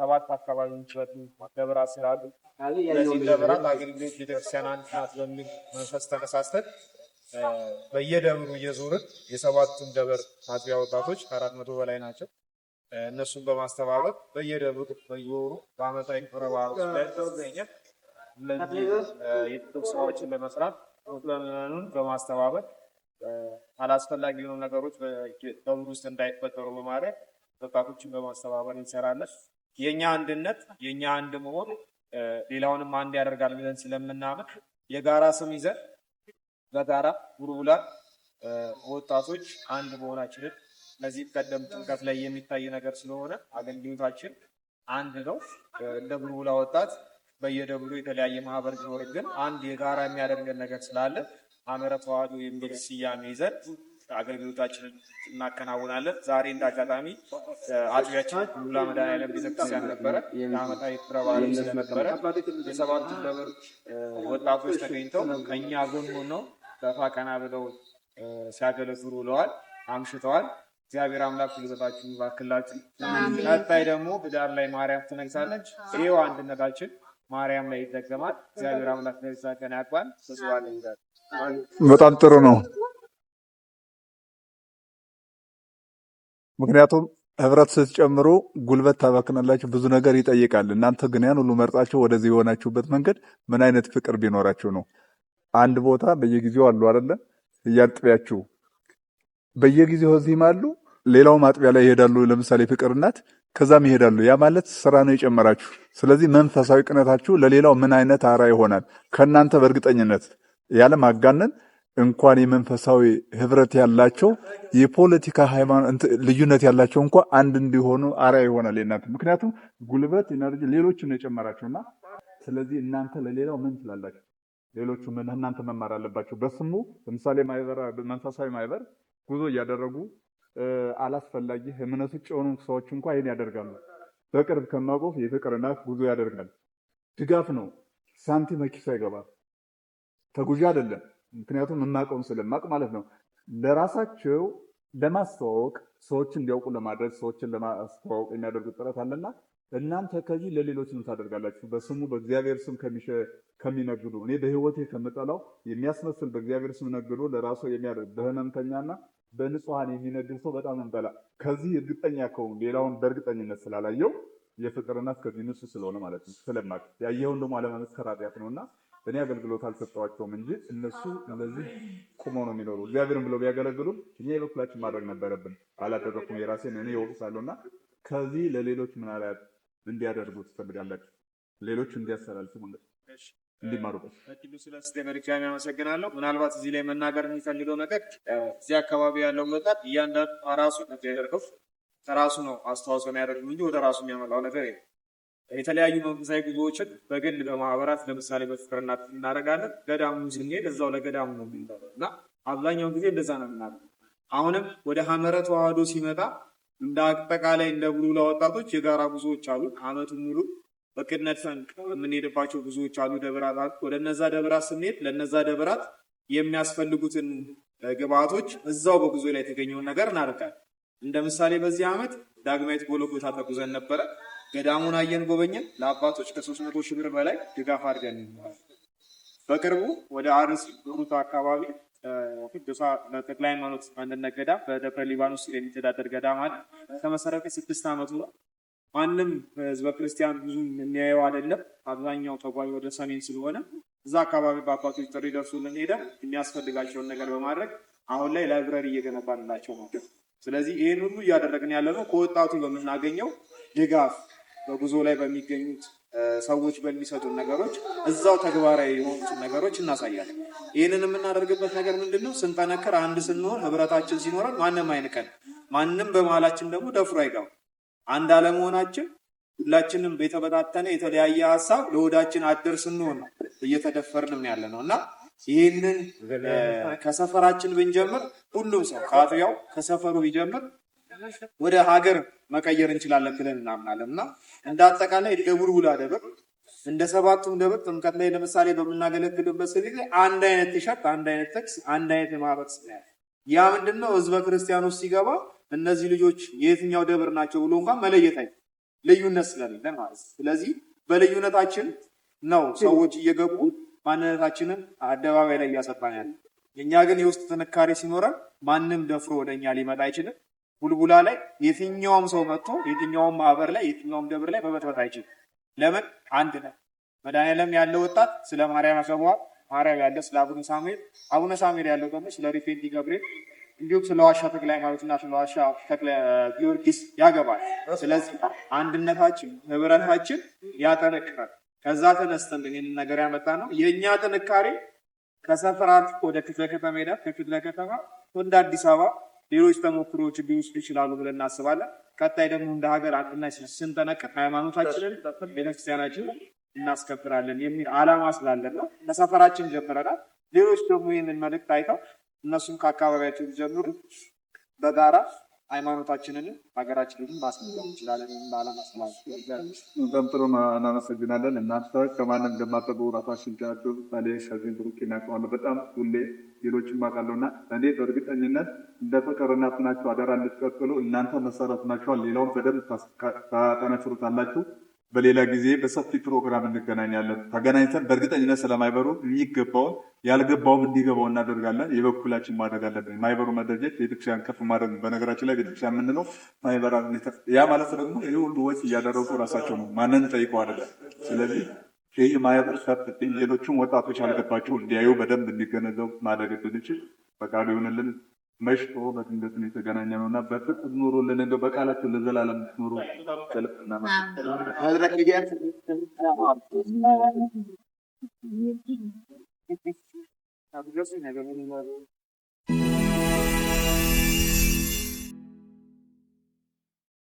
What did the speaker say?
ሰባት አካባቢ ደብራ ስላሉ ቤተክርስቲያን አንድ ናት በሚል መንፈስ ተነሳስተን በየደብሩ እየዞርን የሰባቱን ደብር አጥቢያ ወጣቶች ከአራት መቶ በላይ ናቸው። እነሱን በማስተባበር በየደብሩ በየወሩ በአመታዊ ክብረ በዓሎች ላይ ተገኘ እነዚህ የጥቅም ስራዎችን ለመስራት ምዕመኑን በማስተባበር አላስፈላጊ የሆኑ ነገሮች በብር ውስጥ እንዳይፈጠሩ በማድረግ ወጣቶችን በማስተባበር እንሰራለን። የእኛ አንድነት የእኛ አንድ መሆን ሌላውንም አንድ ያደርጋል ብለን ስለምናምን የጋራ ስም ይዘን በጋራ ጉርቡላ ወጣቶች አንድ መሆናችንን ለዚህ ቀደም ጥምቀት ላይ የሚታይ ነገር ስለሆነ አገልግሎታችን አንድ ነው። እንደ ጉርቡላ ወጣት በየደብሩ የተለያየ ማህበር ቢሆን ግን አንድ የጋራ የሚያደርገን ነገር ስላለ ሐመረ ተዋሕዶ የሚል ስያሜ ይዘን አገልግሎታችንን እናከናውናለን። ዛሬ እንደ አጋጣሚ አጥቢያችን ሉላ መድኃኔዓለም ቤተክርስቲያን ነበረ። የዓመታዊ ክብረ በዓል ስለነበረ የሰባቱ ደብር ወጣቶች ተገኝተው ከእኛ ጎን ሆነው ደፋ ቀና ብለው ሲያገለግሉ ውለዋል፣ አምሽተዋል። እግዚአብሔር አምላክ ጉልበታችሁን ይባርክላችሁ። ቀጣይ ደግሞ ብዳር ላይ ማርያም ትነግሳለች። ይሄው አንድነታችን ማርያም ላይ ይጠቀማል። እግዚአብሔር አምላክ ነሳቀን ያቋል በጣም ጥሩ ነው። ምክንያቱም ህብረት ስትጨምሩ ጉልበት ታባክናላችሁ፣ ብዙ ነገር ይጠይቃል። እናንተ ግን ያን ሁሉ መርጣችሁ ወደዚህ የሆናችሁበት መንገድ ምን አይነት ፍቅር ቢኖራችሁ ነው? አንድ ቦታ በየጊዜው አሉ አይደለ? እያጥቢያችሁ በየጊዜው እዚህም አሉ፣ ሌላውም አጥቢያ ላይ ይሄዳሉ። ለምሳሌ ፍቅር እናት ከዛም ይሄዳሉ። ያ ማለት ስራ ነው የጨመራችሁ። ስለዚህ መንፈሳዊ ቅነታችሁ ለሌላው ምን አይነት አራ ይሆናል? ከእናንተ በእርግጠኝነት ያለ ማጋነን እንኳን የመንፈሳዊ ህብረት ያላቸው የፖለቲካ ሃይማኖት ልዩነት ያላቸው እንኳ አንድ እንዲሆኑ አራ ይሆናል የእናንተ ምክንያቱም ጉልበት፣ ኢነርጂ ሌሎች ነው የጨመራችሁና ስለዚህ እናንተ ለሌላው ምን ትላላችሁ? ሌሎቹ ምን እናንተ መማር አለባቸው። በስሙ ለምሳሌ ማይበር መንፈሳዊ ማይበር ጉዞ እያደረጉ አላስፈላጊ እምነት ውጭ የሆኑ ሰዎች እንኳ ይህን ያደርጋሉ። በቅርብ ከማቆፍ የፍቅር እናት ጉዞ ያደርጋል። ድጋፍ ነው። ሳንቲም መኪሱ አይገባል። ተጉዣ አይደለም። ምክንያቱም የማውቀውን ስለማውቅ ማለት ነው። ለራሳቸው ለማስተዋወቅ ሰዎች እንዲያውቁ ለማድረግ ሰዎችን ለማስተዋወቅ የሚያደርጉት ጥረት አለና እናንተ ከዚህ ለሌሎች ምን ታደርጋላችሁ? በስሙ በእግዚአብሔር ስም ከሚነግዱ እኔ በህይወቴ ከምጠላው የሚያስመስል በእግዚአብሔር ስም ነግዶ ለራሱ የሚያደርግ በህመምተኛና በንጹሐን የሚነግድ ሰው በጣም እንበላ። ከዚህ እርግጠኛ ከሆኑ ሌላውን በእርግጠኝነት ስላላየው የፍቅርና እናት ከዚህ ስለሆነ ማለት ነው ስለማቅ ያየውን ደግሞ አለመመስከር ኃጢአት ነው እና እኔ አገልግሎት አልሰጠዋቸውም እንጂ እነሱ እነዚህ ቁመው ነው የሚኖሩ። እግዚአብሔርን ብለው ቢያገለግሉም እኛ የበኩላችን ማድረግ ነበረብን። አላደረኩም። የራሴን እኔ ይወቅሳለሁ እና ከዚህ ለሌሎች ምናልባት እንዲያደርጉ ትፈልጋላችሁ ሌሎች እንዲያስተላልፉ ማለት ነው። እንዲማሩበት በኪሉ ስለስቴመሪካን ያመሰግናለሁ። ምናልባት እዚህ ላይ መናገር የሚፈልገው ነገር እዚህ አካባቢ ያለው ወጣት እያንዳንዱ ራሱ ያደርገው ከራሱ ነው አስተዋጽኦ የሚያደርግ እንጂ ወደ ራሱ የሚያመጣው ነገር የለም። የተለያዩ መንፈሳዊ ጉዞዎችን በግል በማህበራት ለምሳሌ በፍቅርና እናደርጋለን። ገዳሙ ስንሄድ እዛው ለገዳሙ ነው የሚባለው እና አብዛኛውን ጊዜ እንደዛ ነው የምናደርገው። አሁንም ወደ ሀመረ ተዋህዶ ሲመጣ እንደ አጠቃላይ እንደ ብሉ ለወጣቶች የጋራ ጉዞዎች አሉ። አመቱ ሙሉ በቅድነት ነድፈን የምንሄድባቸው ብዙዎች አሉ ደብራት ወደ እነዛ ደብራት ስንሄድ ለነዛ ደብራት የሚያስፈልጉትን ግብአቶች እዛው በጉዞ ላይ የተገኘውን ነገር እናደርጋለን። እንደ ምሳሌ በዚህ ዓመት ዳግማዊት ጎሎጎታ ተጉዘን ነበረ። ገዳሙን አየን፣ ጎበኘን። ለአባቶች ከሶስት መቶ ሺህ ብር በላይ ድጋፍ አድርገን በቅርቡ ወደ አርስ ሩት አካባቢ ጠቅላይ ሃይማኖት አንድነት ገዳም በደብረ ሊባኖስ የሚተዳደር ገዳም አለ። ከመሰረተ ስድስት ዓመቱ ነው። ማንም ህዝበ ክርስቲያን ብዙ የሚያየው አይደለም። አብዛኛው ተጓዥ ወደ ሰሜን ስለሆነ እዛ አካባቢ በአባቶች ጥሪ ደርሱልን ሄደ የሚያስፈልጋቸውን ነገር በማድረግ አሁን ላይ ላይብረሪ እየገነባንላቸው ነው። ስለዚህ ይህን ሁሉ እያደረግን ያለ ነው ከወጣቱ በምናገኘው ድጋፍ፣ በጉዞ ላይ በሚገኙት ሰዎች በሚሰጡን ነገሮች እዛው ተግባራዊ የሆኑት ነገሮች እናሳያለን። ይህንን የምናደርግበት ነገር ምንድን ነው? ስንጠነክር አንድ ስንሆን ህብረታችን ሲኖረን ማንም አይንቀን፣ ማንም በመሀላችን ደግሞ ደፍሮ አይገባም። አንድ አለመሆናችን ሁላችንም የተበታተነ የተለያየ ሀሳብ ለወዳችን አደር ስንሆን ነው እየተደፈርንም ያለ ነው እና ይህንን ከሰፈራችን ብንጀምር ሁሉም ሰው ከአጥቢያው ከሰፈሩ ቢጀምር ወደ ሀገር መቀየር እንችላለን ብለን እናምናለን እና እንደ አጠቃላይ ደቡልቡላ ደብር እንደ ሰባቱም ደብር ጥምቀት ላይ ለምሳሌ በምናገለግልበት ጊዜ አንድ አይነት ቲሸርት፣ አንድ አይነት ተክስ፣ አንድ አይነት የማህበር ያ ምንድነው ህዝበ ክርስቲያኑ ሲገባ እነዚህ ልጆች የየትኛው ደብር ናቸው ብሎ እንኳን መለየት አይ ልዩነት ስለሌለ ማለት ስለዚህ በልዩነታችን ነው ሰዎች እየገቡ ማንነታችንን አደባባይ ላይ እያሰባን ያለ። የእኛ ግን የውስጥ ጥንካሬ ሲኖረን ማንም ደፍሮ ወደ እኛ ሊመጣ አይችልም። ቡልቡላ ላይ የትኛውም ሰው መጥቶ የትኛውም ማህበር ላይ የትኛውም ደብር ላይ መበትበት አይችልም። ለምን አንድ ነ መድኃኔዓለም ያለ ወጣት ስለ ማርያም ያሰበዋል። ማርያም ያለ ስለ አቡነ ሳሙኤል፣ አቡነ ሳሙኤል ያለው ደግሞ ስለ ሪፌንዲ ገብርኤል እንዲሁም ስለ ዋሻ ተክለ ሃይማኖትና ስለ ዋሻ ተክለ ጊዮርጊስ ያገባል። ስለዚህ አንድነታችን፣ ህብረታችን ያጠነክራል። ከዛ ተነስተን ይህንን ነገር ያመጣ ነው የእኛ ጥንካሬ ከሰፈራት ወደ ክፍለ ከተማ ሄዳ ከክፍለ ከተማ ወደ አዲስ አበባ ሌሎች ተሞክሮዎች ሊወስዱ ይችላሉ ብለን እናስባለን። ቀጣይ ደግሞ እንደ ሀገር አንድና ስንጠነቀቅ ሃይማኖታችንን ቤተክርስቲያናችንን እናስከብራለን የሚል አላማ ስላለን ነው። ከሰፈራችን ጀምረናል። ሌሎች ደግሞ ይህንን መልእክት አይተው እነሱም ከአካባቢያቸው ቢጀምሩ በጋራ ሃይማኖታችንን ሀገራችንን ማስመሰል እንችላለን። በጣም እናመሰግናለን። እናንተ ከማንም እንደማጠቡ ራሳችን ጋዱ ሳሌ ከዚህ ብሩክ ይናቀዋል በጣም ሁሌ ሌሎችም አውቃለሁ እና እኔ በእርግጠኝነት እንደ ፍቅር እናት ናቸው። አደራ እንድትቀጥሉ እናንተ መሰረት ናቸዋል። ሌላውን በደንብ ታጠነክሩታላችሁ። በሌላ ጊዜ በሰፊ ፕሮግራም እንገናኛለን። ተገናኝተን በእርግጠኝነት ስለማይበሩ የሚገባውን ያልገባውም እንዲገባው እናደርጋለን። የበኩላችን ማድረግ አለብን። ማይበሩ መደጀት ቤተክርስቲያን ከፍ ማድረግ በነገራችን ላይ ቤተክርስቲያን የምንለው ማይበራ፣ ያ ማለት ደግሞ ይህ ሁሉ ወጪ እያደረጉ ራሳቸው ነው፣ ማንን ጠይቆ አይደለም። ስለዚህ ይህ ማይበር ሰፍ ሌሎቹም ወጣቶች ያልገባቸው እንዲያዩ በደንብ እንዲገነዘቡ ማድረግ እንድንችል ፈቃዱ ይሆንልን። መሽቶ በድንገት ነው የተገናኘ ነው እና በፍቅር ኑሮ ለነገ በቃላቸው ለዘላለም ኑሮ ሰልፍና